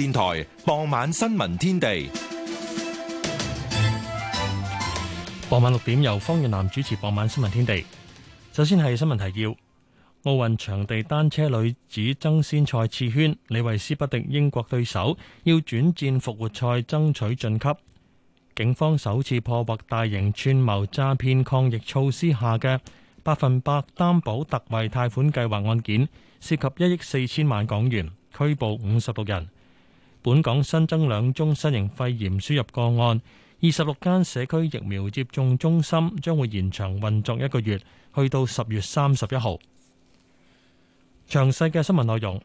電台傍晚新聞天地。傍晚六點由方月南主持。傍晚新聞天地，首先係新聞提要：奧運場地單車女子爭先賽次圈，李維斯不敵英國對手，要轉戰復活賽爭取晉級。警方首次破獲大型串謀詐騙抗疫措施下嘅百分百擔保特惠貸款計劃案件，涉及一億四千萬港元，拘捕五十六人。本港新增兩宗新型肺炎輸入個案，二十六間社區疫苗接種中心將會延長運作一個月，去到十月三十一號。詳細嘅新聞內容，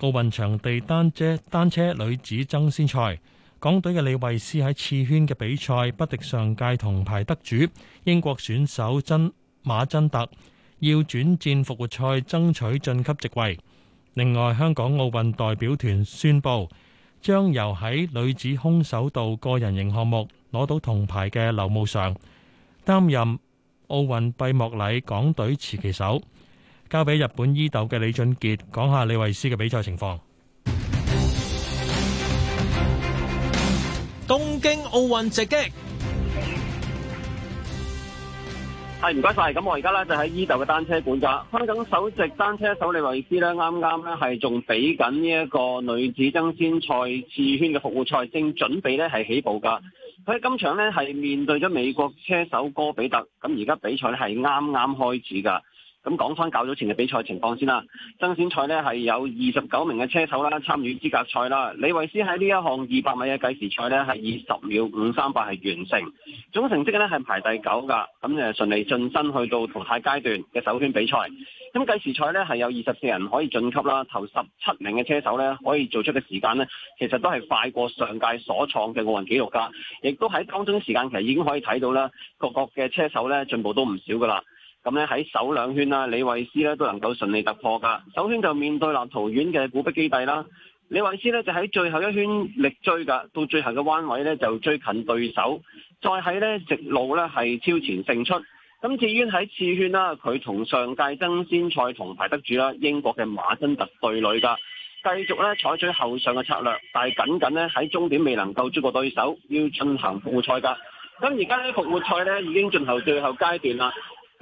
奧運場地單車單車女子爭先賽，港隊嘅李慧詩喺次圈嘅比賽不敵上屆銅牌得主英國選手珍馬珍特，要轉戰復活賽爭取晉級席位。另外，香港奧運代表團宣布。將由喺女子空手道個人型項目攞到銅牌嘅劉慕裳擔任奧運閉幕禮港隊持旗手，交俾日本伊豆嘅李俊傑講下李慧詩嘅比賽情況。東京奧運直擊。係，唔該晒，咁我而家咧就喺伊豆嘅單車館噶，香港首席單車手李慧詩咧，啱啱咧係仲畀緊呢一個女子爭先賽次圈嘅復活賽，正準備咧係起步噶。佢喺今場咧係面對咗美國車手哥比特，咁而家比賽咧係啱啱開始噶。咁講翻較早前嘅比賽情況先啦，爭先賽呢係有二十九名嘅車手啦參與資格賽啦。李維斯喺呢一項二百米嘅計時賽呢係以十秒五三八係完成，總成績呢係排第九噶，咁就順利進身去到淘汰階段嘅首圈比賽。咁計時賽呢係有二十四人可以進級啦，頭十七名嘅車手呢可以做出嘅時間呢其實都係快過上屆所創嘅奧運紀錄噶，亦都喺當中時間其實已經可以睇到啦，各個嘅車手呢進步都唔少噶啦。咁咧喺首兩圈啦，李慧詩咧都能夠順利突破噶。首圈就面對立陶宛嘅古碧基蒂啦，李慧詩呢就喺最後一圈力追噶，到最後嘅彎位呢，就追近對手，再喺呢直路呢係超前勝出。咁至於喺次圈啦，佢同上屆爭先賽銅牌得主啦，英國嘅馬身特隊女噶，繼續咧採取後上嘅策略，但係僅僅呢喺終點未能夠追過對手，要進行復活賽噶。咁而家呢，復活賽呢已經進行最後階段啦。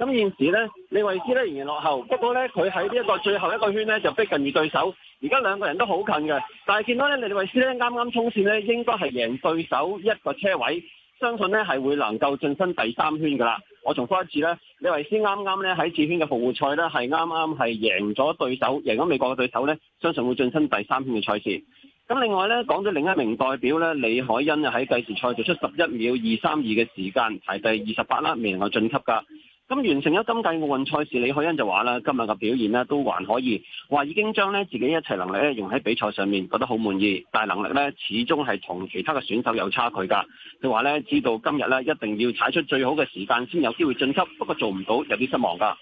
咁現時咧，李維斯咧仍然落後。不過咧，佢喺呢一個最後一個圈咧，就逼近住對手。而家兩個人都好近嘅，但係見到咧，李維斯咧啱啱衝線咧，應該係贏對手一個車位，相信咧係會能夠晉身第三圈㗎啦。我重複一次咧，李維斯啱啱咧喺次圈嘅復活賽咧，係啱啱係贏咗對手，贏咗美國嘅對手咧，相信會晉身第三圈嘅賽事。咁另外咧，講到另一名代表咧，李海欣啊，喺計時賽做出十一秒二三二嘅時間，排第二十八啦，未能夠晉級㗎。咁完成咗今屆奧運賽事，李海欣就話啦：今日嘅表現呢都還可以，話已經將咧自己一切能力咧用喺比賽上面，覺得好滿意。但係能力咧始終係同其他嘅選手有差距㗎。佢話咧，知道今日咧一定要踩出最好嘅時間先有機會進級，不過做唔到，有啲失望㗎。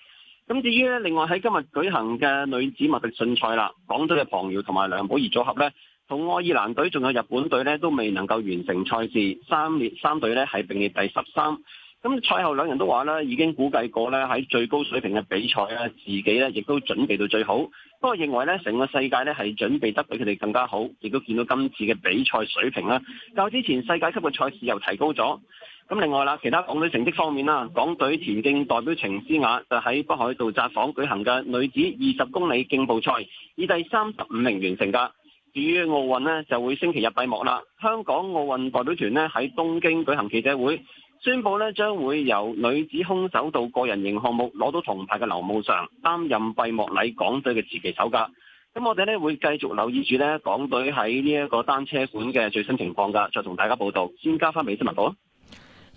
咁至於咧，另外喺今日舉行嘅女子麥迪遜賽啦，港隊嘅彭瑤同埋梁寶儀組合咧，同愛爾蘭隊仲有日本隊咧都未能夠完成賽事，三列三隊咧係並列第十三。咁賽後兩人都話啦，已經估計過咧喺最高水平嘅比賽啊，自己咧亦都準備到最好。不過認為咧，成個世界咧係準備得比佢哋更加好，亦都見到今次嘅比賽水平啦。較之前世界級嘅賽事又提高咗。咁另外啦，其他港隊成績方面啦，港隊田徑代表程思雅就喺北海道札幌舉行嘅女子二十公里競步賽，以第三十五名完成噶。至於奧運呢，就會星期日閉幕啦。香港奧運代表團呢，喺東京舉行記者會。宣布咧，將會由女子空手道個人型項目攞到銅牌嘅劉慕常擔任閉幕禮港隊嘅旗手噶。咁我哋呢會繼續留意住呢港隊喺呢一個單車館嘅最新情況噶，再同大家報道。先交翻畀新聞部。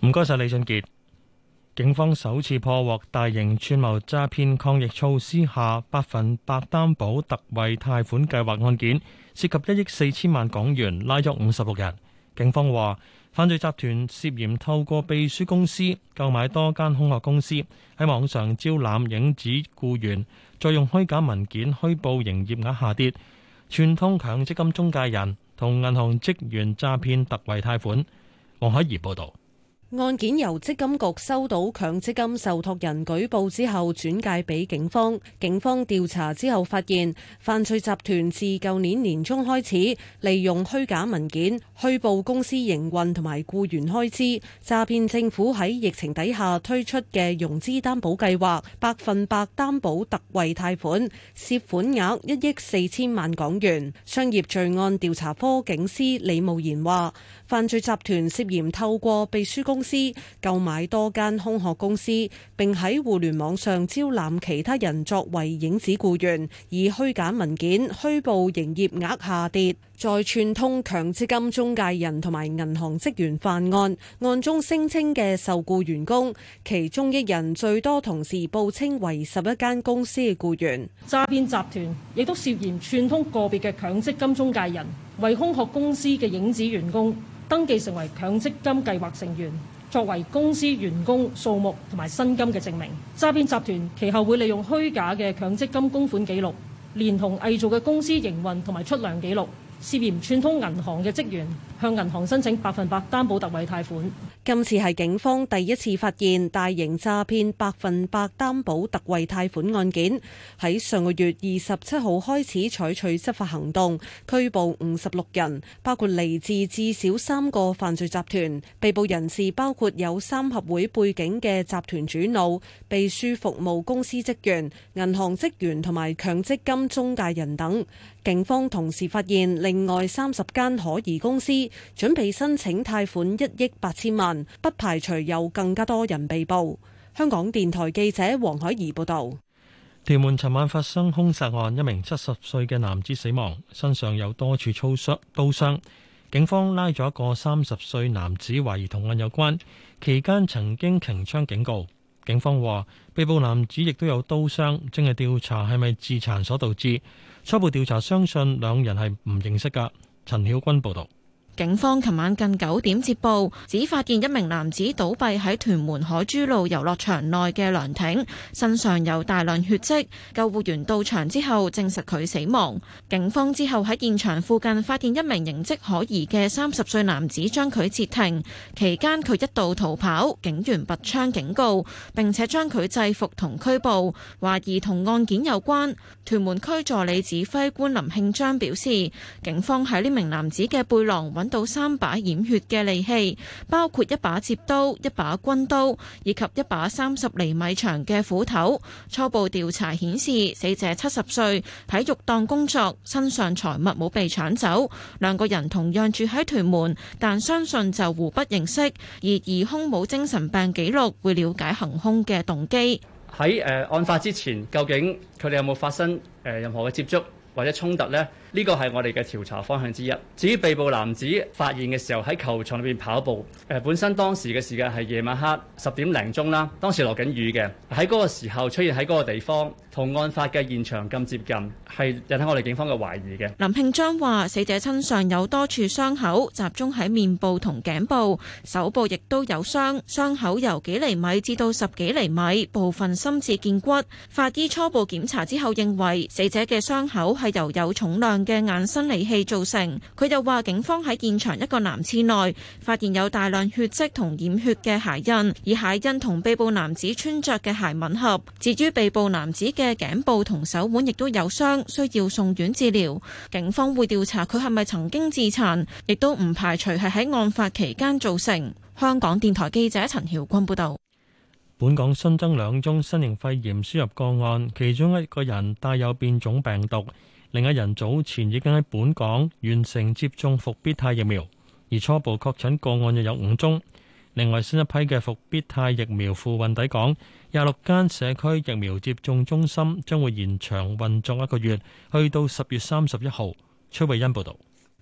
唔該晒李俊杰。警方首次破獲大型串謀詐騙抗疫措施下百分百擔保特惠貸款計劃案件，涉及一億四千萬港元，拉咗五十六人。警方話。犯罪集團涉嫌透過秘書公司購買多間空殼公司，喺網上招攬影子僱員，再用虛假文件虛報營業額下跌，串通強積金中介人同銀行職員詐騙特惠貸款。黃海怡報導。案件由積金局收到強積金受託人舉報之後轉介俾警方，警方調查之後發現，犯罪集團自舊年年中開始，利用虛假文件虛報公司營運同埋僱員開支，詐騙政府喺疫情底下推出嘅融資擔保計劃，百分百擔保特惠貸款，涉款額一億四千萬港元。商業罪案調查科警司李慕賢話。犯罪集團涉嫌透過秘書公司購買多間空殼公司，並喺互聯網上招攬其他人作為影子僱員，以虛假文件，虛報營業額下跌，再串通強積金中介人同埋銀行職員犯案。案中聲稱嘅受僱員工，其中一人最多同時報稱為十一間公司嘅僱員。詐騙集團亦都涉嫌串通個別嘅強積金中介人。為空殼公司的影子員工登記成為強積金計劃成員，作為公司員工數目同埋薪金的證明。詐騙集團其後會利用虛假的強積金供款紀錄，連同偽造的公司營運同埋出糧紀錄涉嫌串通銀行嘅職員向銀行申請百分百擔保特惠貸款。今次係警方第一次發現大型詐騙百分百擔保特惠貸款案件。喺上個月二十七號開始採取執法行動拘捕五十六人，包括嚟自至少三個犯罪集團，被捕人士包括有三合會背景嘅集團主腦、秘書服務公司職員、銀行職員同埋強積金中介人等。警方同時發現。另。另外三十間可疑公司準備申請貸款一億八千萬，不排除有更加多人被捕。香港電台記者黃海怡報道：屯門尋晚發生凶殺案，一名七十歲嘅男子死亡，身上有多處粗傷刀傷。警方拉咗一個三十歲男子懷疑同案有關，期間曾經擎槍警告。警方話，被捕男子亦都有刀傷，正係調查係咪自殘所導致。初步調查相信兩人係唔認識㗎。陳曉君報導。警方昨晚近九點接報，只發現一名男子倒斃喺屯門海珠路遊樂場內嘅涼亭，身上有大量血跡。救護員到場之後，證實佢死亡。警方之後喺現場附近發現一名形跡可疑嘅三十歲男子，將佢截停。期間佢一度逃跑，警員拔槍警告並且將佢制服同拘捕，懷疑同案件有關。屯門區助理指揮官林慶章表示，警方喺呢名男子嘅背囊搵到三把染血嘅利器，包括一把折刀、一把軍刀以及一把三十厘米長嘅斧頭。初步調查顯示，死者七十歲，喺浴檔工作，身上財物冇被搶走。兩個人同樣住喺屯門，但相信就互不認識。而疑凶冇精神病記錄，會了解行凶嘅動機。喺案發之前，究竟佢哋有冇發生任何嘅接觸或者衝突呢？呢、這個係我哋嘅調查方向之一。至於被捕男子發現嘅時候喺球場裏邊跑步，誒，本身當時嘅時間係夜晚黑十點零鐘啦，當時落緊雨嘅，喺嗰個時候出現喺嗰個地方，同案發嘅現場咁接近，係引起我哋警方嘅懷疑嘅。林慶章話死者身上有多處傷口，集中喺面部同頸部，手部亦都有傷，傷口由幾厘米至到十幾厘米，部分深至見骨。法醫初步檢查之後認為，死者嘅傷口係由有重量嘅眼身利器造成，佢又話警方喺現場一個男廁內發現有大量血跡同染血嘅鞋印，而鞋印同被捕男子穿着嘅鞋吻合。至於被捕男子嘅頸部同手腕亦都有傷，需要送院治療。警方會調查佢係咪曾經自殘，亦都唔排除係喺案發期間造成。香港電台記者陳曉君報道。本港新增兩宗新型肺炎輸入個案，其中一個人帶有變種病毒。另一人早前已經喺本港完成接種復必泰疫苗，而初步確診個案又有五宗。另外，新一批嘅復必泰疫苗付運抵港，廿六間社區疫苗接種中心將會延長運作一個月，去到十月三十一號。崔慧欣報導。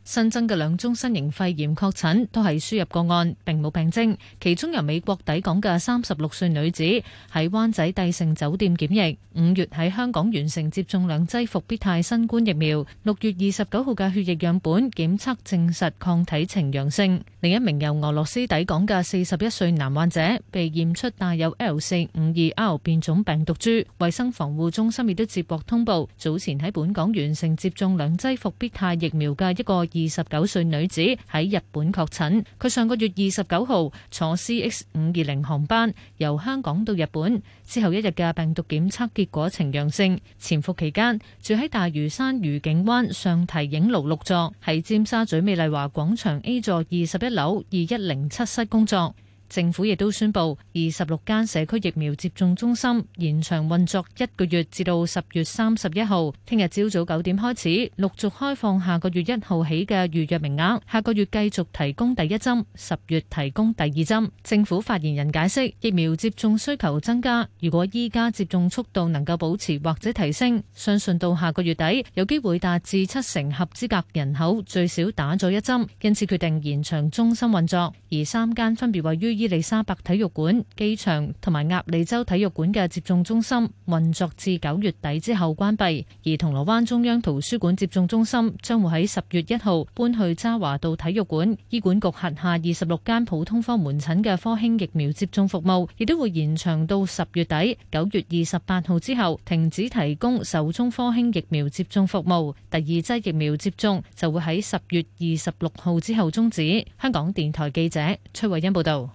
新增嘅兩宗新型肺炎確診都係輸入個案，並冇病徵，其中由美國抵港嘅三十六歲女子喺灣仔帝盛酒店檢疫，五月喺香港完成接種兩劑復必泰新冠疫苗，六月二十九號嘅血液樣本檢測證實抗體呈陽性。另一名由俄羅斯抵港嘅四十一歲男患者，被驗出帶有 L 四五二 R 變種病毒株。衛生防護中心亦都接獲通報，早前喺本港完成接種兩劑復必泰疫苗嘅一個。二十九歲女子喺日本確診，佢上個月二十九號坐 CX 五二零航班由香港到日本，之後一日嘅病毒檢測結果呈陽性，潛伏期間住喺大嶼山愉景灣上堤影路六座，喺尖沙咀美麗華廣場 A 座二十一樓二一零七室工作。政府亦都宣布，二十六間社區疫苗接種中心延長運作一個月至到十月三十一號。聽日朝早九點開始，陸續開放下個月一號起嘅預約名額。下個月繼續提供第一針，十月提供第二針。政府發言人解釋，疫苗接種需求增加，如果依家接種速度能夠保持或者提升，相信到下個月底有機會達至七成合資格人口最少打咗一針，因此決定延長中心運作。而三間分別位於伊麗莎白體育館、機場同埋鴨脷洲體育館嘅接種中心運作至九月底之後關閉，而銅鑼灣中央圖書館接種中心將會喺十月一號搬去渣華道體育館。醫管局轄下二十六間普通科門診嘅科興疫苗接種服務亦都會延長到十月底，九月二十八號之後停止提供首中科興疫苗接種服務，第二劑疫苗接種就會喺十月二十六號之後終止。香港電台記者崔慧欣報道。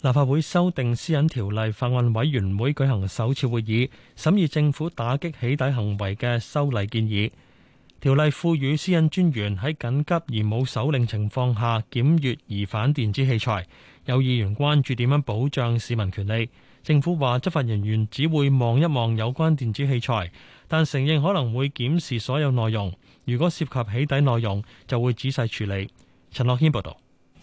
立法會修訂私隱條例法案委員會舉行首次會議，審議政府打擊起底行為嘅修例建議。條例賦予私隱專員喺緊急而冇手令情況下檢閱疑犯電子器材。有議員關注點樣保障市民權利。政府話執法人員只會望一望有關電子器材，但承認可能會檢視所有內容。如果涉及起底內容，就會仔細處理。陳樂謙報道。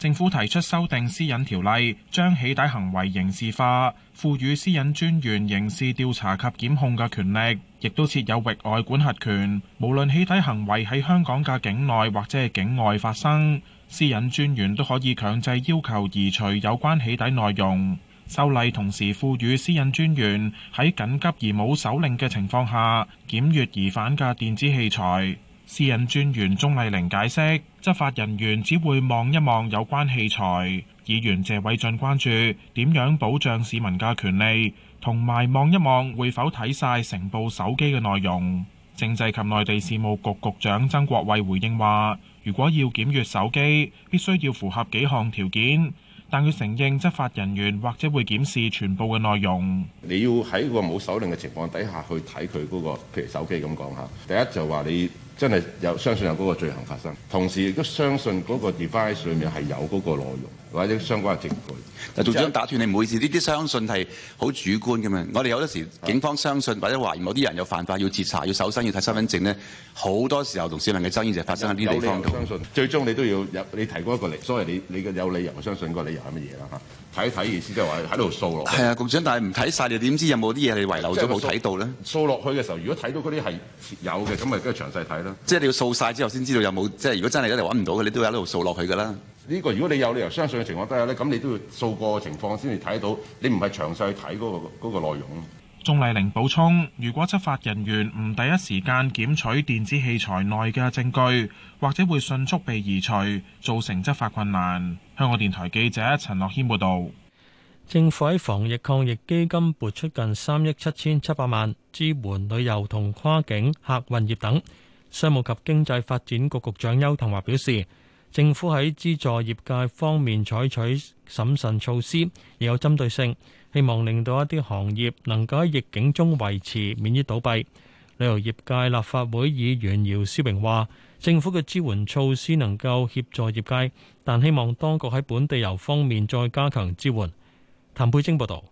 政府提出修訂私隱條例，將起底行為刑事化，賦予私隱專員刑事調查及檢控嘅權力，亦都設有域外管轄權，無論起底行為喺香港嘅境內或者係境外發生，私隱專員都可以強制要求移除有關起底內容。修例同時賦予私隱專員喺緊急而冇手令嘅情況下，檢閱疑犯嘅電子器材。私隱專員鍾麗玲解釋，執法人員只會望一望有關器材。議員謝偉俊關注點樣保障市民嘅權利，同埋望一望會否睇晒成部手機嘅內容。政制及內地事務局局長曾國衛回應話，如果要檢閱手機，必須要符合幾項條件。但佢承認執法人員或者會檢視全部嘅內容。你要喺個冇手令嘅情況底下去睇佢嗰個，譬如手機咁講下。第一就話你。真係有相信有嗰個罪行發生，同時亦都相信嗰個 device 裏面係有嗰個內容。或者相關嘅證據。但、嗯、局長打斷不，你唔好意思，呢啲相信係好主觀嘅嘛。我哋有陣時警方相信的或者懷疑某啲人有犯法，要截查、要搜身、要睇身份證咧，好多時候同市民嘅爭議就發生喺呢地方度。相信，最終你都要有，你提供一個例，所謂你你嘅有理由相信個理由係乜嘢啦？嚇，睇睇意思即係話喺度掃落。係啊，局長，但係唔睇晒，你點知有冇啲嘢你遺留咗冇睇到咧？掃落去嘅時候，如果睇到嗰啲係有嘅，咁咪跟住詳細睇啦。即係你要掃晒之後先知道有冇？即係如果真係一直揾唔到嘅，你都喺度掃落去㗎啦。呢個如果你有理由相信嘅情況底下，呢咁你都要數個情況先至睇到，你唔係詳細去睇嗰個嗰個內容。鍾麗玲補充：如果執法人員唔第一時間檢取電子器材內嘅證據，或者會迅速被移除，造成執法困難。香港電台記者陳樂軒報導。政府喺防疫抗疫基金撥出近三億七千七百萬，支援旅遊同跨境客運業等。商務及經濟發展局局長邱騰華表示。政府喺資助業界方面採取審慎措施，亦有針對性，希望令到一啲行業能夠喺逆境中維持，免於倒閉。旅遊業界立法會議員姚思榮話：政府嘅支援措施能夠協助業界，但希望當局喺本地遊方面再加強支援。譚佩晶報導。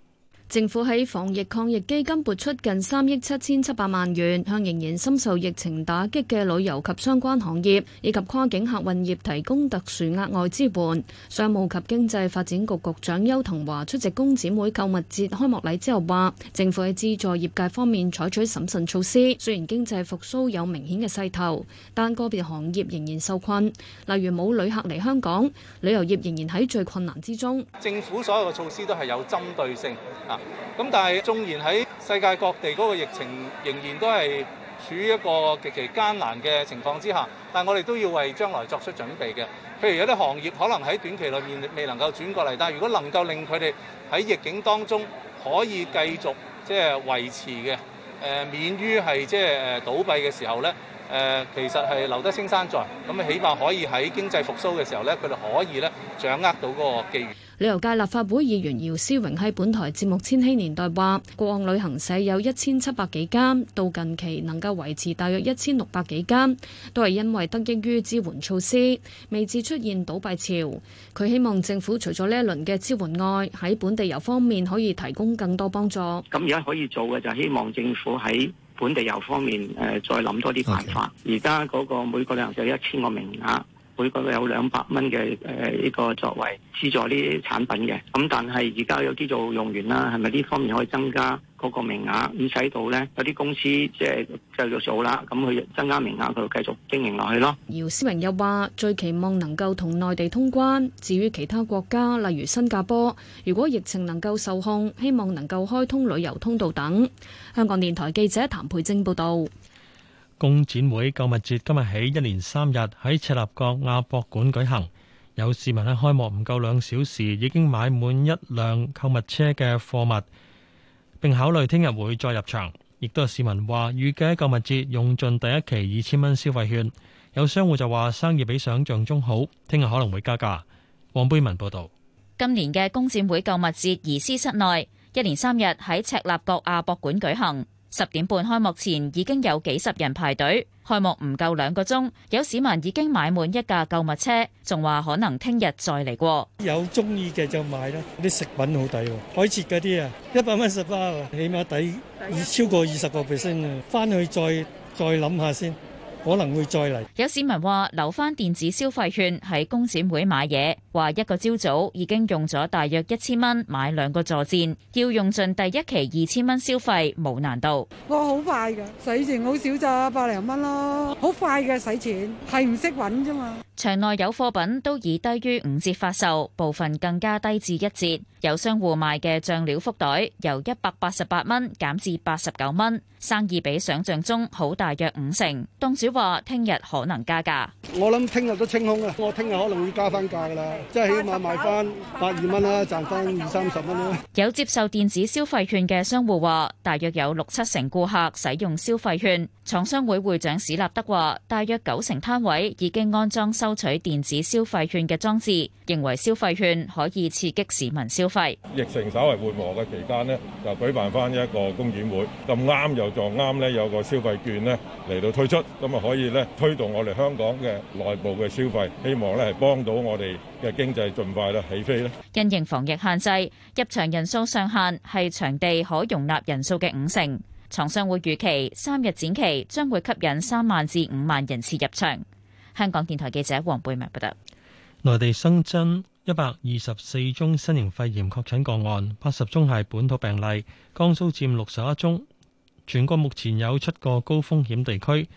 政府喺防疫抗疫基金撥出近三億七千七百萬元，向仍然深受疫情打擊嘅旅遊及相關行業，以及跨境客運業提供特殊額外資本。商務及經濟發展局局長邱騰華出席工展會購物節開幕禮之後話，政府喺資助業界方面採取審慎措施。雖然經濟復甦有明顯嘅勢頭，但個別行業仍然受困，例如冇旅客嚟香港，旅遊業仍然喺最困難之中。政府所有嘅措施都係有針對性。咁但係縱然喺世界各地嗰個疫情仍然都係處於一個極其艱難嘅情況之下，但係我哋都要為將來作出準備嘅。譬如有啲行業可能喺短期內面未能夠轉過嚟，但係如果能夠令佢哋喺逆境當中可以繼續即係維持嘅，誒免於係即係誒倒閉嘅時候咧，誒其實係留得青山在，咁啊起碼可以喺經濟復甦嘅時候咧，佢哋可以咧掌握到嗰個機遇。旅遊界立法會議員姚思榮喺本台節目《千禧年代》話，過往旅行社有一千七百幾間，到近期能夠維持大約一千六百幾間，都係因為得益於支援措施，未至出現倒閉潮。佢希望政府除咗呢一輪嘅支援外，喺本地遊方面可以提供更多幫助。咁而家可以做嘅就係希望政府喺本地遊方面誒、呃，再諗多啲辦法。而家嗰個每個旅行社一千個名額。每個有兩百蚊嘅誒呢個作為資助啲產品嘅，咁但係而家有啲做用完啦，係咪呢方面可以增加嗰個名額？咁使到呢，有啲公司即係繼續做啦，咁佢增加名額佢繼續經營落去咯。姚思榮又話：最期望能夠同內地通關，至於其他國家，例如新加坡，如果疫情能夠受控，希望能夠開通旅遊通道等。香港電台記者譚佩晶報道。工展會購物節今日起一連三日喺赤鱲角亞博館舉行，有市民喺開幕唔夠兩小時已經買滿一輛購物車嘅貨物，並考慮聽日會再入場。亦都有市民話預計購物節用盡第一期二千蚊消費券。有商戶就話生意比想象中好，聽日可能會加價。黃貝文報道：今年嘅工展會購物節移師室內，一連三日喺赤鱲角亞博館舉行。十點半開幕前已經有幾十人排隊，開幕唔夠兩個鐘，有市民已經買滿一架購物車，仲話可能聽日再嚟過。有鍾意嘅就買啦，啲食品好抵喎，海切嗰啲啊，一百蚊十包，起碼抵超過二十個 percent 啊，返去再再諗下先。可能會再嚟。有市民話留翻電子消費券喺工展會買嘢，話一個朝早已經用咗大約一千蚊買兩個座墊，要用盡第一期二千蚊消費無難度。嘩，好快㗎，使錢好少咋，百零蚊咯，好快嘅使錢，係唔識揾啫嘛。場內有貨品都以低於五折發售，部分更加低至一折。有商戶賣嘅醬料福袋由一百八十八蚊減至八十九蚊，生意比想象中好大約五成。當早。話聽日可能加價，我諗聽日都清空啦，我聽日可能會加翻價噶啦，即係起碼賣翻百二蚊啦，賺翻二三十蚊咯。有接受電子消費券嘅商戶話，大約有六七成顧客使用消費券。廠商會會長史立德話，大約九成攤位已經安裝收取電子消費券嘅裝置，認為消費券可以刺激市民消費。疫情稍為緩和嘅期間咧，就舉辦翻一個工展會，咁啱又撞啱咧，有個消費券咧嚟到推出，咁啊。可以咧推動我哋香港嘅內部嘅消費，希望咧係幫到我哋嘅經濟盡快啦起飛啦。因應防疫限制，入場人數上限係場地可容納人數嘅五成。廠商會預期三日展期將會吸引三萬至五萬人次入場。香港電台記者黃貝文報道。內地新增一百二十四宗新型肺炎確診個案，八十宗係本土病例，江蘇占六十一宗。全國目前有七個高風險地區。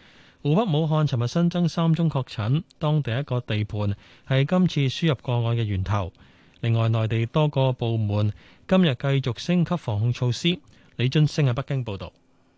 湖北武漢尋日新增三宗確診，當地一個地盤係今次輸入個案嘅源頭。另外，內地多個部門今日繼續升級防控措施。李俊升喺北京報道，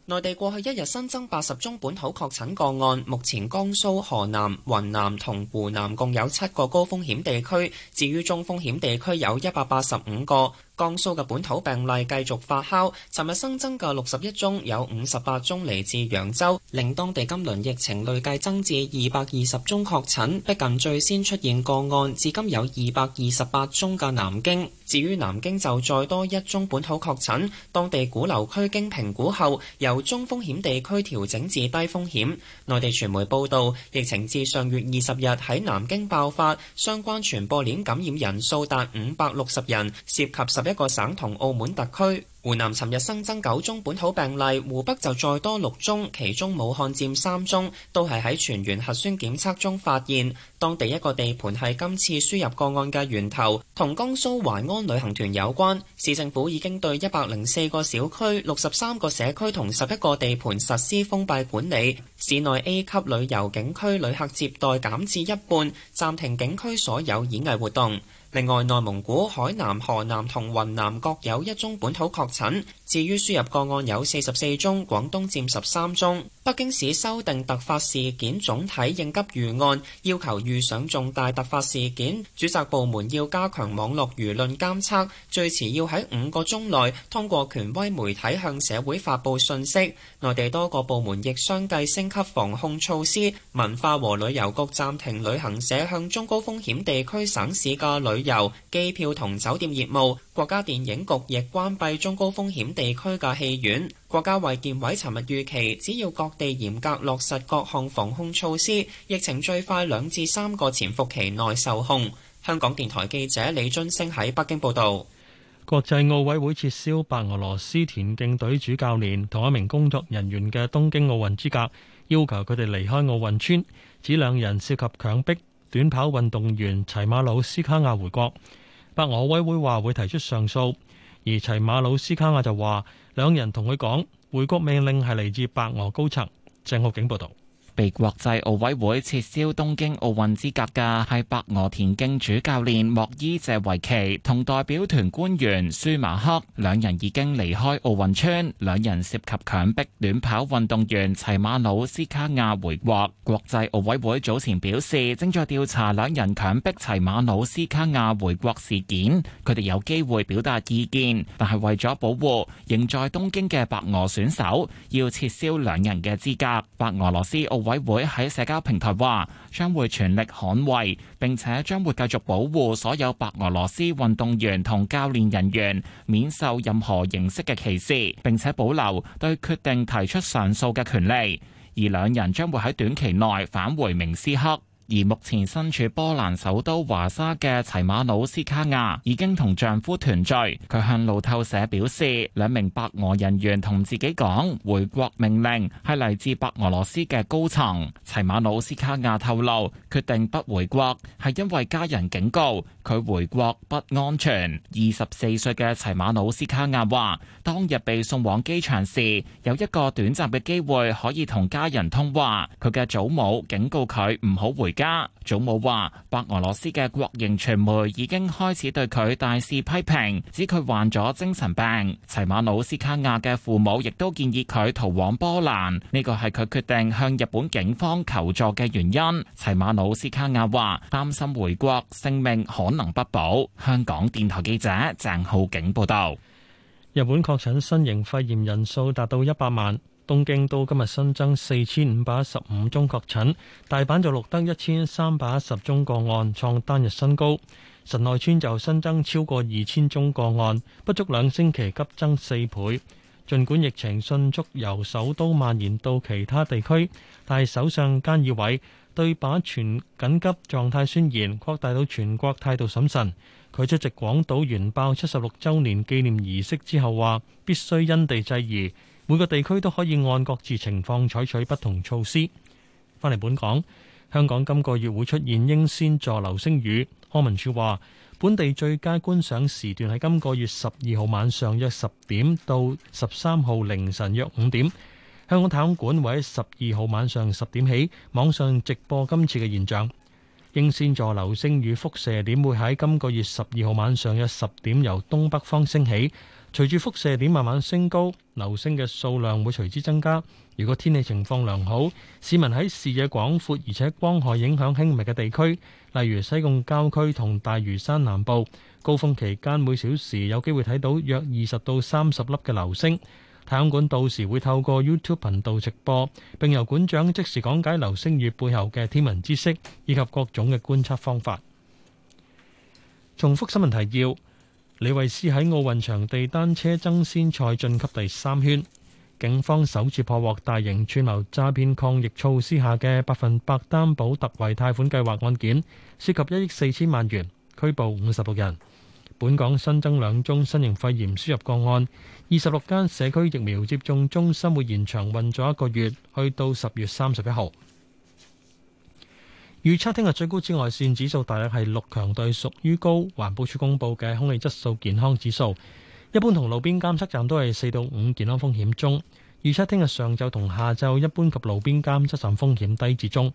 內地過去一日新增八十宗本土確診個案，目前江蘇、河南、雲南同湖南共有七個高風險地區，至於中風險地區有一百八十五個。江蘇嘅本土病例繼續發酵，尋日新增嘅六十一宗有五十八宗嚟自揚州，令當地今輪疫情累計增至二百二十宗確診。逼近最先出現個案，至今有二百二十八宗嘅南京。至於南京就再多一宗本土確診，當地鼓樓區經評估後由中風險地區調整至低風險。內地傳媒報道，疫情至上月二十日喺南京爆發，相關傳播鏈感染人數達五百六十人，涉及十一個省同澳門特區，湖南尋日新增九宗本土病例，湖北就再多六宗，其中武漢佔三宗，都係喺全員核酸檢測中發現。當地一個地盤係今次輸入個案嘅源頭，同江蘇淮安旅行團有關。市政府已經對一百零四個小區、六十三個社區同十一個地盤實施封閉管理，市內 A 級旅遊景區旅客接待減至一半，暫停景區所有演藝活動。另外，內蒙古、海南、河南同雲南各有一宗本土確診，至於輸入個案有四十四宗，廣東佔十三宗。北京市修訂突發事件總體應急預案，要求遇上重大突發事件，主責部門要加強網絡輿論監測，最遲要喺五個鐘內通過權威媒體向社會發布信息。內地多個部門亦相繼升級防控措施，文化和旅遊局暫停旅行社向中高風險地區省市嘅旅遊、機票同酒店業務。國家電影局亦關閉中高風險地區嘅戲院。國家衛健委尋日預期，只要各地嚴格落實各項防控措施，疫情最快兩至三個潛伏期內受控。香港電台記者李津升喺北京報道。國際奧委會撤銷白俄羅斯田徑隊主教練同一名工作人員嘅東京奧運資格，要求佢哋離開奧運村。指兩人涉及強迫短跑運動員齊馬魯斯卡亞回國。白俄委會話會提出上訴，而齊馬魯斯卡亞就話，兩人同佢講，回國命令係嚟自白俄高層。鄭學景報道。被國際奧委會撤銷東京奧運資格嘅係白俄田徑主教練莫伊謝維奇同代表團官員舒馬克，兩人已經離開奧運村。兩人涉及強迫短跑運動員齊馬努斯卡亞回國。國際奧委會早前表示，正在調查兩人強迫齊馬努斯卡亞回國事件。佢哋有機會表達意見，但係為咗保護仍在東京嘅白俄選手，要撤銷兩人嘅資格。白俄羅斯奧委會喺社交平台話，將會全力捍衛，並且將會繼續保護所有白俄羅斯運動員同教練人員免受任何形式嘅歧視，並且保留對決定提出上訴嘅權利，而兩人將會喺短期內返回明斯克。而目前身處波蘭首都華沙嘅齊馬努斯卡亞已經同丈夫團聚。佢向路透社表示，兩名白俄人員同自己講，回國命令係嚟自白俄羅斯嘅高層。齊馬努斯卡亞透露，決定不回國係因為家人警告佢回國不安全。二十四歲嘅齊馬努斯卡亞話，當日被送往機場時，有一個短暫嘅機會可以同家人通話，佢嘅祖母警告佢唔好回。家祖母話，白俄羅斯嘅國營傳媒已經開始對佢大肆批評，指佢患咗精神病。齊馬努斯卡亞嘅父母亦都建議佢逃往波蘭，呢個係佢決定向日本警方求助嘅原因。齊馬努斯卡亞話，擔心回國性命可能不保。香港電台記者鄭浩景報道，日本確診新型肺炎人數達到一百萬。東京都今日新增四千五百一十五宗確診，大阪就錄得一千三百一十宗個案，創單日新高。神奈川就新增超過二千宗個案，不足兩星期急增四倍。盡管疫情迅速由首都蔓延到其他地區，但係首相菅義偉對把全緊急狀態宣言擴大到全國態度審慎。佢出席廣島原爆七十六周年紀念儀式之後話，必須因地制宜。每個地區都可以按各自情況採取不同措施。返嚟本港，香港今個月會出現英仙座流星雨。康文署話，本地最佳觀賞時段係今個月十二號晚上約十點到十三號凌晨約五點。香港太空館會喺十二號晚上十點起網上直播今次嘅現象。英仙座流星雨輻射點會喺今個月十二號晚上約十點由東北方升起。隨住輻射點慢慢升高，流星嘅數量會隨之增加。如果天氣情況良好，市民喺視野廣闊而且光害影響輕微嘅地區，例如西貢郊區同大嶼山南部，高峰期間每小時有機會睇到約二十到三十粒嘅流星。太空館到時會透過 YouTube 頻道直播，並由館長即時講解流星雨背後嘅天文知識以及各種嘅觀測方法。重複新聞提要。李慧詩喺奧運場地單車爭先賽晉級第三圈。警方首次破獲大型串謀詐騙抗疫措施下嘅「百分百擔保特惠貸款計劃案件，涉及一億四千萬元，拘捕五十六人。本港新增兩宗新型肺炎輸入個案，二十六間社區疫苗接種中心會延長運作一個月，去到十月三十一號。預測聽日最高紫外線指數大約係六，強度屬於高。環保署公布嘅空氣質素健康指數，一般同路邊監測站都係四到五，健康風險中。預測聽日上晝同下晝一般及路邊監測站風險低至中。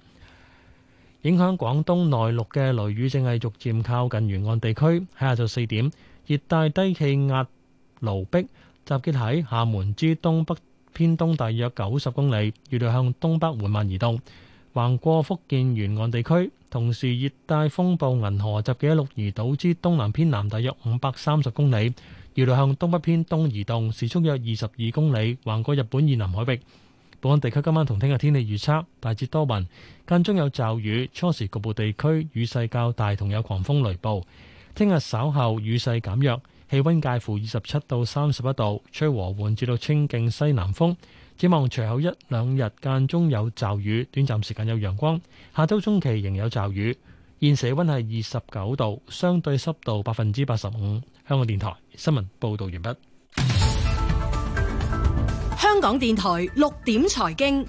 影響廣東內陸嘅雷雨正係逐漸靠近沿岸地區。喺下晝四點，熱帶低氣壓盧碧集結喺廈門之東北偏東大約九十公里，預料向東北緩慢移動橫過福建沿岸地區，同時熱帶風暴銀河集結鹿兒島之東南偏南大約五百三十公里，預料向東北偏東移動，時速約二十二公里，橫過日本以南海域。本港地區今晚同聽日天氣預測，大致多雲，間中有驟雨，初時局部地區雨勢較大，同有狂風雷暴。聽日稍後雨勢減弱，氣溫介乎二十七到三十一度，吹和緩至到清勁西南風。展望隨後一兩日間中有驟雨，短暫時間有陽光。下週中期仍有驟雨。現時氣溫係二十九度，相對濕度百分之八十五。香港電台新聞報道完畢。香港電台六點財經，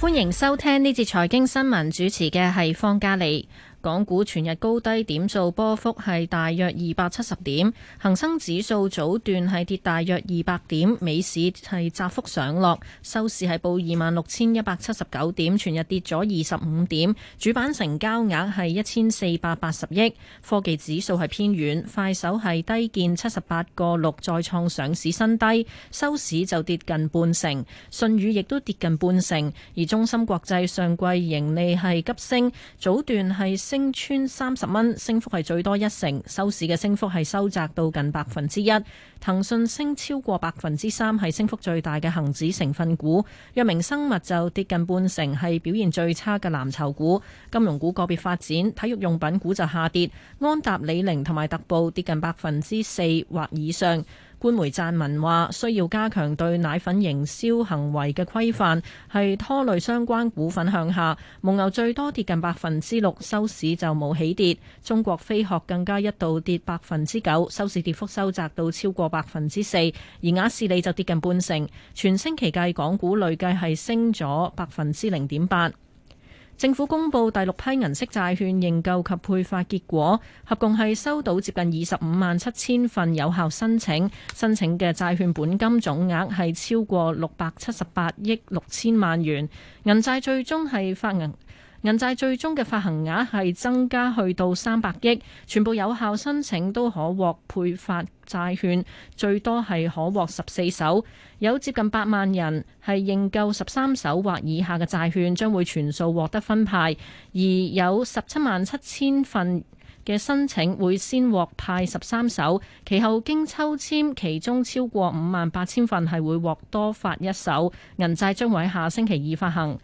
歡迎收聽呢節財經新聞，主持嘅係方嘉莉。港股全日高低點數波幅係大約二百七十點，恒生指數早段係跌大約二百點，美市係窄幅上落，收市係報二萬六千一百七十九點，全日跌咗二十五點，主板成交額係一千四百八十億。科技指數係偏軟，快手係低見七十八個六，再創上市新低，收市就跌近半成。信譽亦都跌近半成，而中芯國際上季盈利係急升，早段係。升穿三十蚊，升幅係最多一成，收市嘅升幅係收窄到近百分之一。騰訊升超過百分之三，係升幅最大嘅恒指成分股。藥明生物就跌近半成，係表現最差嘅藍籌股。金融股個別發展，體育用品股就下跌，安踏、李寧同埋特步跌近百分之四或以上。官媒撰文話，需要加強對奶粉營銷行為嘅規範，係拖累相關股份向下。蒙牛最多跌近百分之六，收市就冇起跌。中國飛鶴更加一度跌百分之九，收市跌幅收窄到超過百分之四。而雅士利就跌近半成，全星期計港股累計係升咗百分之零點八。政府公布第六批銀色債券認購及配發結果，合共係收到接近二十五萬七千份有效申請，申請嘅債券本金總額係超過六百七十八億六千萬元，銀債最終係發行。銀債最終嘅發行額係增加去到三百億，全部有效申請都可獲配發債券，最多係可獲十四手。有接近八萬人係認購十三手或以下嘅債券，將會全數獲得分派。而有十七萬七千份嘅申請會先獲派十三手，其後經抽籤，其中超過五萬八千份係會獲多發一手。銀債將會喺下星期二發行。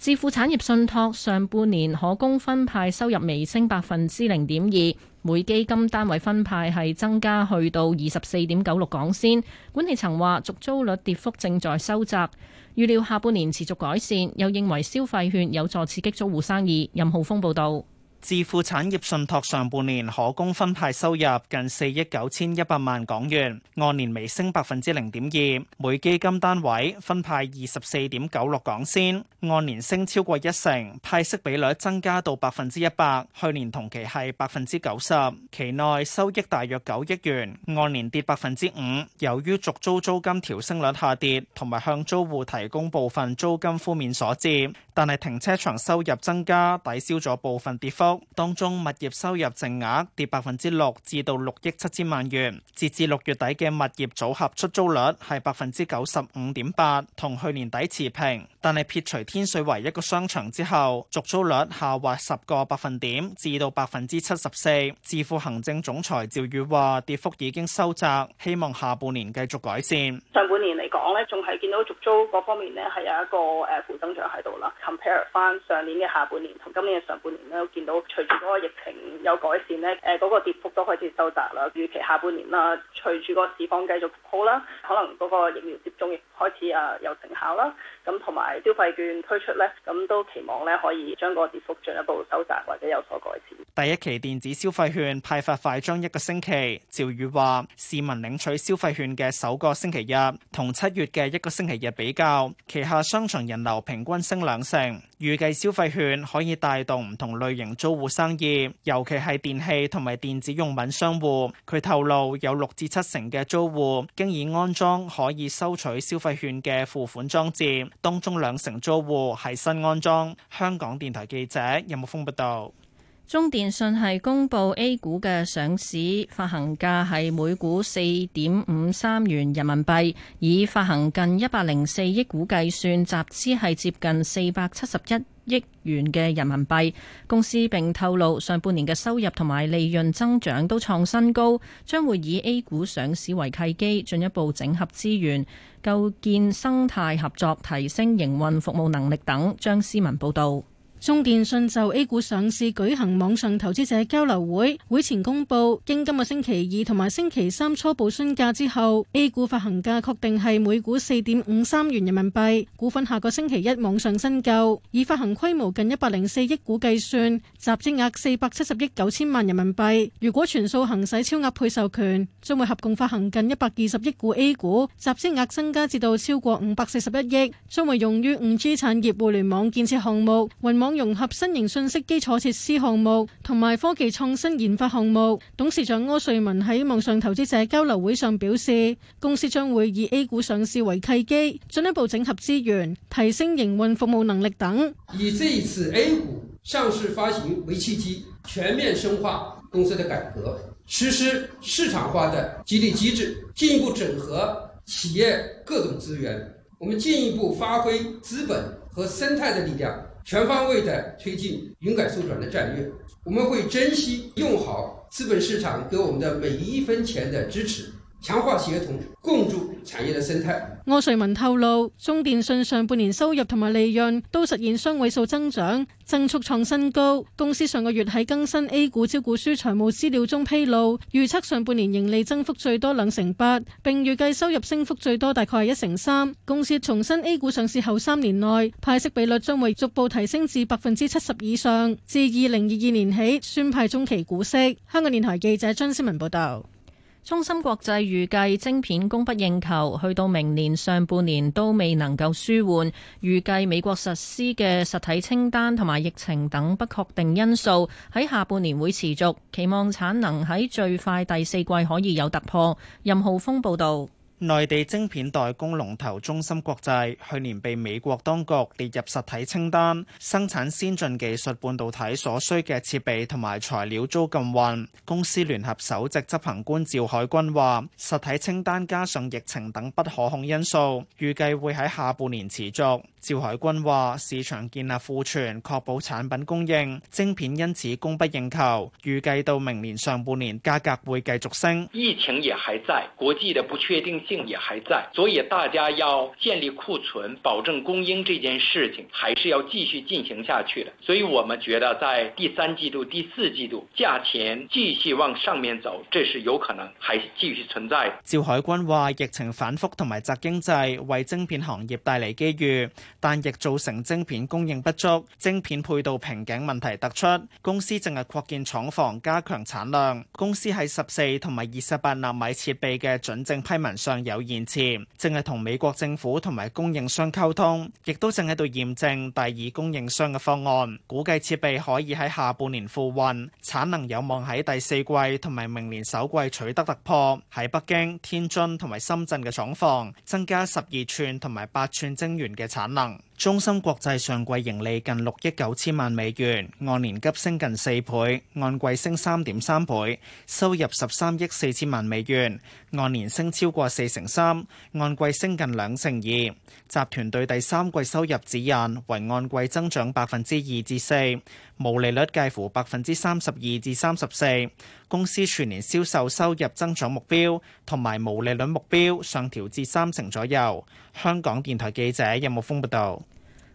置富產業信託上半年可供分派收入微升百分之零點二，每基金單位分派係增加去到二十四點九六港仙。管理層話續租率跌幅正在收窄，預料下半年持續改善。又認為消費券有助刺激租戶生意。任浩峰報導。置富產業信託上半年可供分派收入近四億九千一百萬港元，按年微升百分之零點二，每基金單位分派二十四點九六港仙，按年升超過一成，派息比率增加到百分之一百，去年同期係百分之九十。期內收益大約九億元，按年跌百分之五，由於續租租金調升率下跌，同埋向租戶提供部分租金敷面所致。但係停車場收入增加抵消咗部分跌幅。當中物業收入淨額跌百分之六，至到六億七千萬元。截至六月底嘅物業組合出租率係百分之九十五點八，同去年底持平。但係撇除天水圍一個商場之後，續租率下滑十個百分點，至到百分之七十四。置富行政總裁趙宇話，跌幅已經收窄，希望下半年繼續改善。上半年嚟講呢，仲係見到續租嗰方面呢，係有一個誒負增長喺度啦。Compare 翻上年嘅下半年同今年嘅上半年都見到。隨住嗰個疫情有改善咧，誒、那、嗰個跌幅都開始收窄啦。預期下半年啦，隨住個市況繼續好啦，可能嗰個疫苗接種亦開始啊有成效啦。咁同埋消費券推出咧，咁都期望咧可以將嗰個跌幅進一步收窄或者有所改善。第一期電子消費券派發快將一個星期，趙宇話：市民領取消費券嘅首個星期日，同七月嘅一個星期日比較，旗下商場人流平均升兩成。預計消費券可以帶動唔同類型租戶生意，尤其係電器同埋電子用品商戶。佢透露有六至七成嘅租戶經已安裝可以收取消費券嘅付款裝置，當中兩成租戶係新安裝。香港電台記者任木風報道。中電信係公布 A 股嘅上市發行價係每股四點五三元人民幣，以發行近一百零四億股計算，集資係接近四百七十一億元嘅人民幣。公司並透露上半年嘅收入同埋利潤增長都創新高，將會以 A 股上市為契機，進一步整合資源、構建生態合作、提升營運服務能力等。張思文報道。中電信就 A 股上市舉行網上投資者交流會，會前公布經今個星期二同埋星期三初步詢價之後，A 股發行價確定係每股四點五三元人民幣，股份下個星期一網上申購，以發行規模近一百零四億股計算，集資額四百七十億九千萬人民幣。如果全數行使超額配售權，將會合共發行近一百二十億股 A 股，集資額增加至到超過五百四十一億，將會用於五 G 產業互聯網建設項目、運網。融合新型信息基礎設施項目同埋科技創新研發項目，董事長柯瑞文喺網上投資者交流會上表示，公司將會以 A 股上市為契機，進一步整合資源，提升營運服務能力等。以這一次 A 股上市發行為契機，全面深化公司的改革，實施市場化的激勵機制，進一步整合企業各種資源，我們進一步發揮資本和生態的力量。全方位的推進“雲改數轉”的戰略，我們會珍惜用好資本市場給我們的每一分錢的支持，強化協同，共築。柯瑞文透露，中電信上半年收入同埋利潤都實現雙位數增長，增速創新高。公司上個月喺更新 A 股招股書財務資料中披露，預測上半年盈利增幅最多兩成八，並預計收入升幅最多大概係一成三。公司重新 A 股上市後三年內派息比率將會逐步提升至百分之七十以上，自二零二二年起宣派中期股息。香港電台記者張思文報道。中芯國際預計晶片供不應求，去到明年上半年都未能夠舒緩。預計美國實施嘅實體清單同埋疫情等不確定因素喺下半年會持續，期望產能喺最快第四季可以有突破。任浩峰報導。內地晶片代工龍頭中芯國際去年被美國當局列入實體清單，生產先進技術半導體所需嘅設備同埋材料遭禁運。公司聯合首席執行官趙海軍話：實體清單加上疫情等不可控因素，預計會喺下半年持續。趙海軍話：市場建立庫存，確保產品供應，晶片因此供不應求，預計到明年上半年價格會繼續升。疫情也還在，國際的不確定性。性也還在，所以大家要建立庫存，保證供應這件事情還是要繼續進行下去的。所以我們覺得，在第三季度、第四季度，價錢繼續往上面走，這是有可能，還繼續存在。趙海軍話：疫情反覆同埋宅經濟，為晶片行業帶嚟機遇，但亦造成晶片供應不足，晶片配套瓶頸問題突出。公司正係擴建廠房，加強產量。公司喺十四同埋二十八納米設備嘅准證批文上。有延遲，正係同美國政府同埋供應商溝通，亦都正喺度驗證第二供應商嘅方案。估計設備可以喺下半年付運，產能有望喺第四季同埋明年首季取得突破。喺北京、天津同埋深圳嘅廠房，增加十二寸同埋八寸晶圓嘅產能。中芯國際上季盈利近六億九千萬美元，按年急升近四倍，按季升三點三倍，收入十三億四千萬美元，按年升超過四成三，按季升近兩成二。集團對第三季收入指引為按季增長百分之二至四。毛利率介乎百分之三十二至三十四，公司全年銷售收入增長目標同埋毛利率目標上調至三成左右。香港電台記者任木峰報道。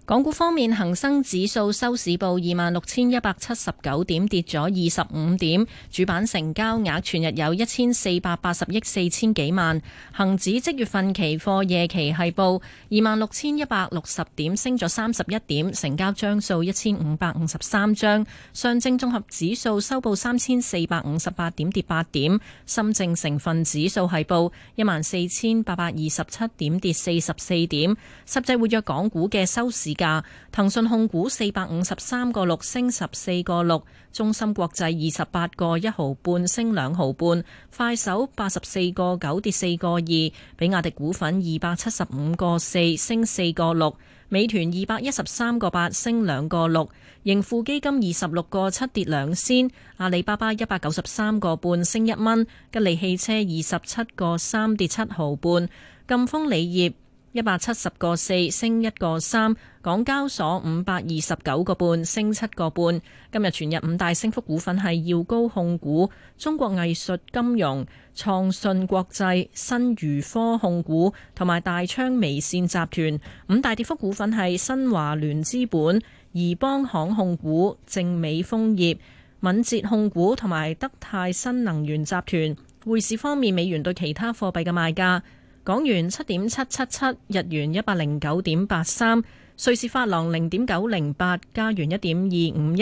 港股方面，恒生指數收市報二萬六千一百七十九點，跌咗二十五點。主板成交額全日有一千四百八十億四千幾萬。恒指即月份期貨夜期係報二萬六千一百六十點，升咗三十一點，成交張數一千五百五十三張。上證綜合指數收報三千四百五十八點，跌八點。深證成分指數係報一萬四千八百二十七點，跌四十四點。實際活躍港股嘅收市。價騰訊控股四百五十三個六升十四個六，中芯國際二十八個一毫半升兩毫半，快手八十四個九跌四個二，比亞迪股份二百七十五個四升四個六，美團二百一十三個八升兩個六，盈富基金二十六個七跌兩仙，阿里巴巴一百九十三個半升一蚊，吉利汽車二十七個三跌七毫半，贛鋒鋰業。一百七十個四升一個三，港交所五百二十九個半升七個半。今日全日五大升幅股份係耀高控股、中國藝術金融、創信國際、新儒科控股同埋大昌微線集團。五大跌幅股份係新華聯資本、怡邦行控股、正美豐業、敏捷控股同埋德泰新能源集團。匯市方面，美元對其他貨幣嘅賣價。港元七點七七七，日元一百零九點八三，瑞士法郎零點九零八，加元一點二五一，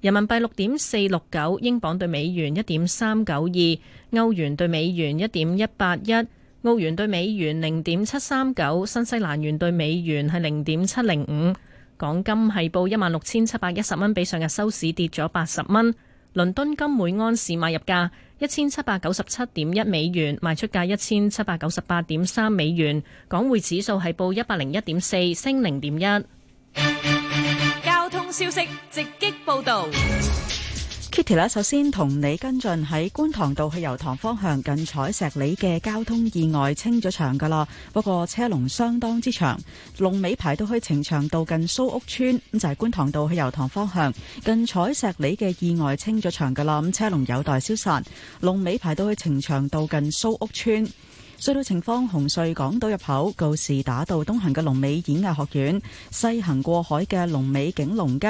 人民幣六點四六九，英鎊對美元一點三九二，歐元對美元一點一八一，澳元對美元零點七三九，新西蘭元對美元係零點七零五，港金係報一萬六千七百一十蚊，比上日收市跌咗八十蚊。倫敦金每盎司買入價。一千七百九十七點一美元，賣出價一千七百九十八點三美元，港匯指數係報一百零一點四，升零點一。交通消息直擊報導。Kitty 啦，首先同你跟進喺觀塘道去油塘方向近彩石里嘅交通意外清咗場㗎喇，不過車龍相當之長，龍尾排到去呈祥道近蘇屋村，咁就係、是、觀塘道去油塘方向近彩石里嘅意外清咗場㗎喇，咁車龍有待消散，龍尾排到去呈祥道近蘇屋村。隧道情況：紅隧港島入口告士打道東行嘅龍尾演藝學院，西行過海嘅龍尾景隆街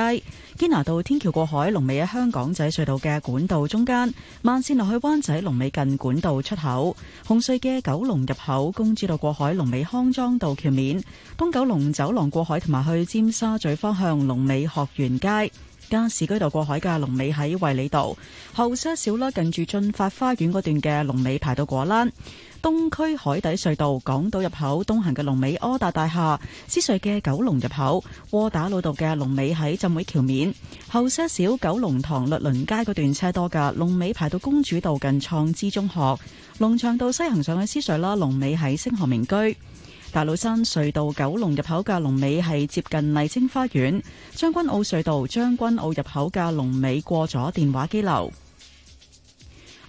堅拿道天橋過海龍尾喺香港仔隧道嘅管道中間。慢線落去灣仔龍尾近管道出口，紅隧嘅九龍入口公主道過海龍尾康莊道橋面，東九龍走廊過海同埋去尖沙咀方向龍尾學園街加士居道過海嘅龍尾喺衛理道。後車少啦，近住駿發花園嗰段嘅龍尾排到果欄。東區海底隧道港島入口東行嘅龍尾柯達大廈，獅隧嘅九龍入口窩打老道嘅龍尾喺浸會橋面，後些少九龍塘律倫街嗰段車多噶，龍尾排到公主道近創知中學，龍翔道西行上去獅隧啦，龍尾喺星河名居，大老山隧道九龍入口嘅龍尾係接近麗晶花園，將軍澳隧道將軍澳入口嘅龍尾過咗電話機樓。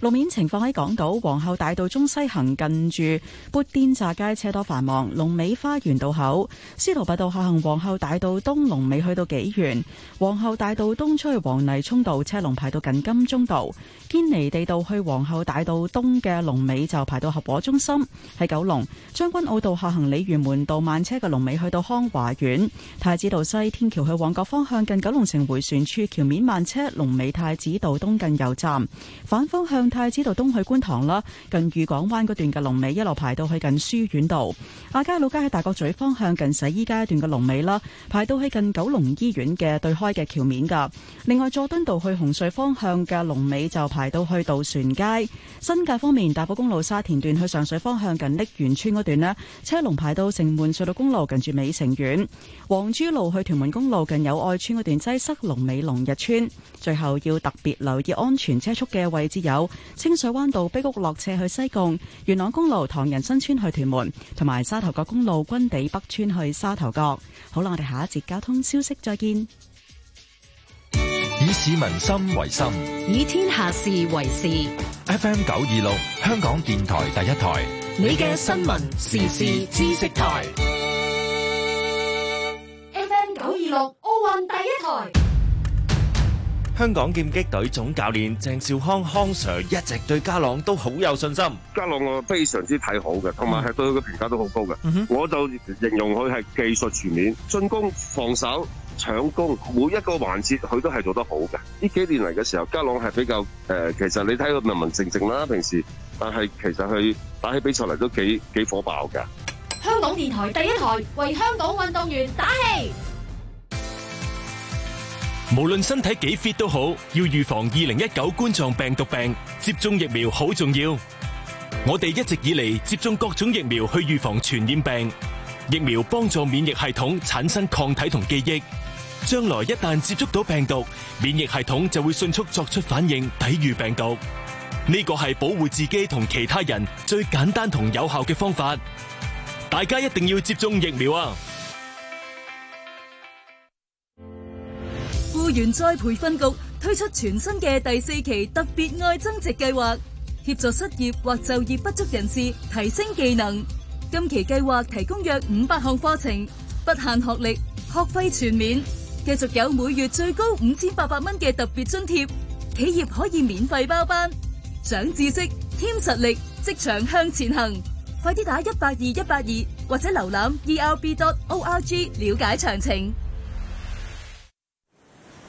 路面情況，喺港島皇后大道中西行近住砵甸乍街，車多繁忙。龍尾花園道口，司徒拔道下行皇后大道東龍尾去到幾遠？皇后大道東出去黃泥涌道，車龍排到近金鐘道。堅尼地道去皇后大道東嘅龍尾就排到合和中心，喺九龍將軍澳道下行鯉魚門道慢車嘅龍尾去到康華苑。太子道西天橋去旺角方向，近九龍城回旋處橋面慢車，龍尾太子道東近油站反方向。太子道東去觀塘啦，近裕港灣嗰段嘅龍尾一路排到去近書院道；亞皆老街喺大角咀方向近洗衣街段嘅龍尾啦，排到去近九龍醫院嘅對開嘅橋面噶。另外，佐敦道去紅隧方向嘅龍尾就排到去渡船街。新界方面，大埔公路沙田段去上水方向近瀝源村嗰段呢，車龍排到城門隧道公路近住美城苑；黃珠路去屯門公路近友愛村嗰段擠塞，龍尾龍日村。最後要特別留意安全車速嘅位置有。清水灣道、卑谷落斜去西貢、元朗公路、唐人新村去屯門、同埋沙頭角公路、軍地北村去沙頭角，好啦，我哋下一節交通消息再見。以市民心為心，以天下事為事。F M 九二六香港電台第一台，你嘅新聞時事知識台。F M 九二六奧運第一台。香港劍擊隊總教練鄭兆康康 Sir 一直對家朗都好有信心。家朗我非常之睇好嘅，同埋係對佢嘅評價都好高嘅。Mm-hmm. 我就形容佢係技術全面，進攻、防守、搶攻，每一個環節佢都係做得好嘅。呢幾年嚟嘅時候，家朗係比較誒、呃，其實你睇佢文文靜靜啦，平時，但係其實佢打起比賽嚟都幾幾火爆嘅。香港電台第一台為香港運動員打氣。無論身體幾 fit 都好，要預防二零一九冠狀病毒病，接種疫苗好重要。我哋一直以嚟，接種各種疫苗去預防傳染病，疫苗幫助免疫系統產生抗體同記憶，將來一旦接觸到病毒，免疫系統就會迅速作出反應，抵禦病毒。呢個係保護自己同其他人最簡單同有效嘅方法，大家一定要接種疫苗啊！僱員再培訓局，推出全新嘅第四期特別愛增值計劃，協助失業或就業不足人士，提升技能。今期計劃提供約500項課程，不限學歷，學費全免，繼續有每月最高5800蚊嘅特別津貼，企業可以免費包班，漲知識，添實力，職場向前行，快啲打182-182，或者瀏覽 ERB.org 了解詳情。